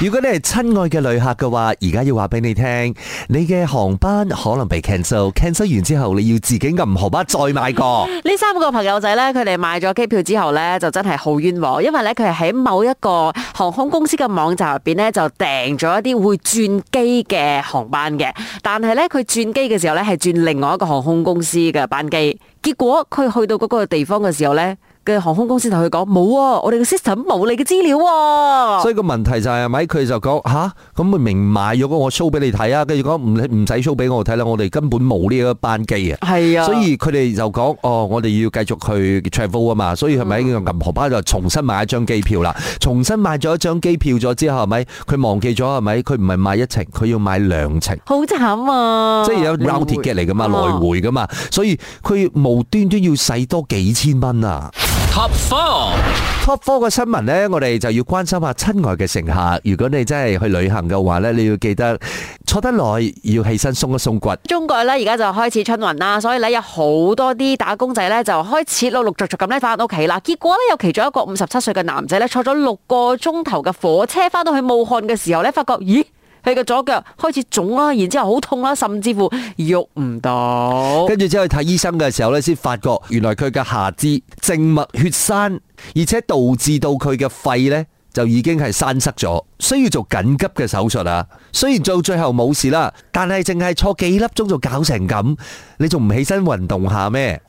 如果你係親愛嘅旅客嘅話，而家要話俾你聽，你嘅航班可能被 cancel。cancel 完之後，你要自己撳荷巴再買過。呢 三個朋友仔呢，佢哋買咗機票之後呢，就真係好冤枉，因為呢，佢係喺某一個航空公司嘅網站入邊呢，就訂咗一啲會轉機嘅航班嘅，但係呢，佢轉機嘅時候呢，係轉另外一個航空公司嘅班機，結果佢去到嗰個地方嘅時候呢。嘅航空公司同佢講冇啊，我哋嘅 system 冇你嘅資料啊。所以個問題就係咪佢就講吓咁咪明買咗，我 show 俾你睇啊。跟住講唔唔使 show 俾我睇啦，我哋根本冇呢個班機啊。係啊，所以佢哋就講哦，我哋要繼續去 travel 啊嘛。所以係咪喺銀河巴就重新買一張機票啦？重新買咗一張機票咗之後，係咪佢忘記咗？係咪佢唔係買一程，佢要買兩程？好慘啊！即係有 round ticket 嚟噶嘛，來回噶嘛，嗎所以佢無端端要使多幾千蚊啊！top four，top four 嘅新聞呢，我哋就要關心下親愛嘅乘客。如果你真係去旅行嘅話呢，你要記得坐得耐要起身鬆一鬆骨。中國呢而家就開始春運啦，所以呢有好多啲打工仔呢就開始陸陸續續咁咧翻屋企啦。結果呢有其中一個五十七歲嘅男仔呢，坐咗六個鐘頭嘅火車翻到去武漢嘅時候呢，發覺咦？佢嘅左腳開始腫啦、啊，然之後好痛啦、啊，甚至乎喐唔到。跟住之後去睇醫生嘅時候咧，先發覺原來佢嘅下肢靜脈血栓，而且導致到佢嘅肺咧就已經係栓塞咗，需要做緊急嘅手術啊！雖然做最後冇事啦，但係淨係坐幾粒鐘就搞成咁，你仲唔起身運動下咩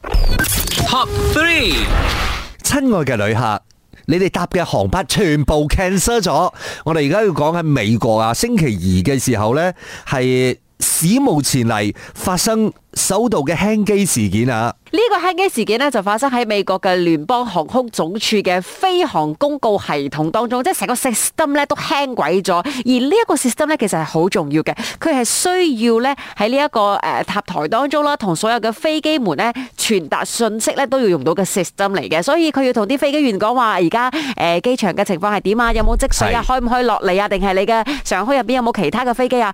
？Top three，3 親愛嘅旅客。你哋搭嘅航班全部 cancel 咗。我哋而家要講喺美國啊，星期二嘅時候呢，係史無前例發生首度嘅輕機事件啊。個黑機事件呢，就發生喺美國嘅聯邦航空總署嘅飛航公告系統當中，即係成個 system 咧都輕軌咗。而呢一個 system 咧其實係好重要嘅，佢係需要咧喺呢一個誒、呃、塔台當中啦，同所有嘅飛機們咧傳達信息咧都要用到嘅 system 嚟嘅。所以佢要同啲飛機員講話，而家誒機場嘅情況係點啊？有冇積水啊？可唔可以落嚟啊？定係你嘅上空入邊有冇其他嘅飛機啊？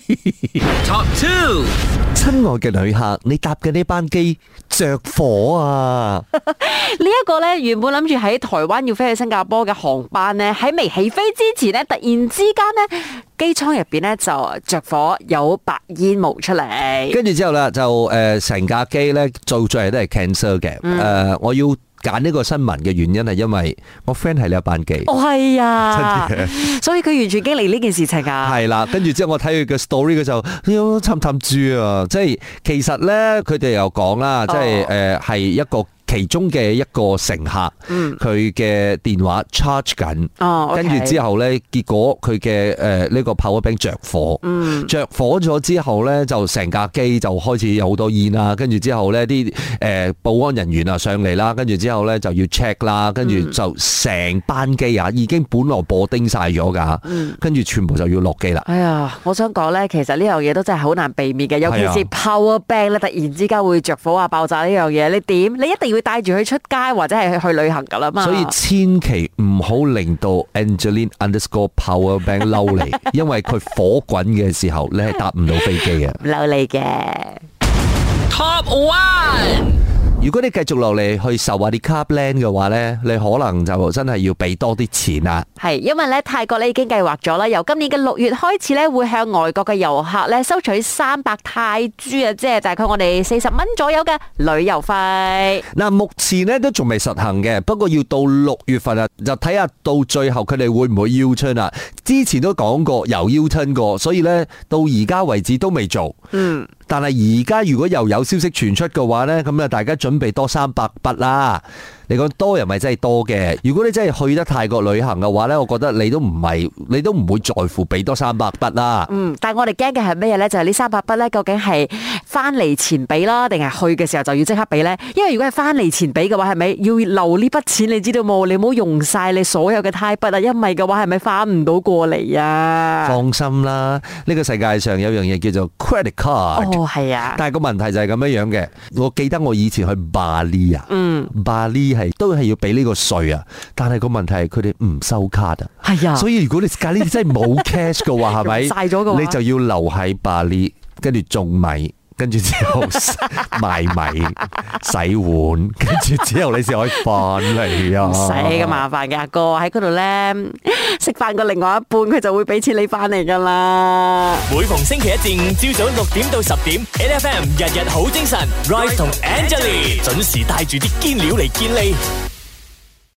Top two，親愛嘅旅客，你搭嘅呢班機着火啊！ 呢一個咧，原本諗住喺台灣要飛去新加坡嘅航班咧，喺未起飛之前咧，突然之間咧，機艙入邊咧就着火，有白煙冒出嚟。跟住之後啦，就誒、成、呃、架機咧做最後都係 cancel 嘅。誒、呃，我要。揀呢個新聞嘅原因係因為我 friend 係阿柏基，哦係啊，所以佢完全經歷呢件事情啊，係啦， 跟住之後我睇佢嘅 story，佢就，喲、哎，氹氹住啊，即係其實咧，佢哋又講啦，即係誒係一個。其中嘅一個乘客，佢嘅、嗯、電話 charge 緊，跟住之後咧，結果佢嘅誒呢個炮 o w 着火，着、嗯、火咗之後咧，就成架機就開始有好多煙啦。跟住之後咧，啲、呃、誒保安人員啊上嚟啦，跟住之後咧就要 check 啦，跟住就成班機啊已經本來布丁晒咗㗎，跟住全部就要落機啦。哎呀，我想講咧，其實呢樣嘢都真係好難避免嘅，尤其是炮 o w 咧突然之間會着火啊爆炸呢樣嘢，你點你一定要～帶住佢出街或者係去旅行噶啦嘛，所以千祈唔好令到 Angelina Power Bank 嬲你， 因為佢火滾嘅時候 你係搭唔到飛機嘅。嬲你嘅 Top One。如果你繼續落嚟去受話啲 card plan 嘅話咧，你可能就真係要俾多啲錢啦。係，因為咧泰國咧已經計劃咗啦，由今年嘅六月開始咧，會向外國嘅遊客咧收取三百泰銖啊，即係大概我哋四十蚊左右嘅旅遊費。嗱，目前咧都仲未實行嘅，不過要到六月份啊，就睇下到最後佢哋會唔會 U-turn 啊？之前都講過，有 U-turn 過，所以咧到而家為止都未做。嗯。但係而家如果又有消息傳出嘅話咧，咁啊大家盡。準備多三百筆啦，你講多人咪真係多嘅。如果你真係去得泰國旅行嘅話咧，我覺得你都唔係，你都唔會在乎俾多三百筆啦。嗯，但係我哋驚嘅係咩咧？就係呢三百筆咧，究竟係翻嚟前俾咯，定係去嘅時候就要即刻俾咧？因為如果係翻嚟前俾嘅話，係咪要留呢筆錢？你知道冇？你唔好用晒你所有嘅泰幣啊，因為嘅話係咪翻唔到過嚟啊？放心啦，呢個世界上有樣嘢叫做 credit card。哦，係啊。但係個問題就係咁樣樣嘅。我記得我以前去。巴厘啊，嗯，巴厘係都係要俾呢個稅啊，但係個問題係佢哋唔收 card 啊，係啊，所以如果你隔呢啲真係冇 cash 嘅話，係咪晒咗嘅話，你就要留喺巴厘，跟住種米。 跟住之後買米洗碗，跟住之後你先可以翻嚟啊！唔使咁麻煩嘅，阿哥喺嗰度咧食飯個另外一半，佢就會俾錢你翻嚟噶啦。每逢星期一至五朝早六點到十點，L F M 日日好精神，Rise 同 Angelina 準時帶住啲堅料嚟健利。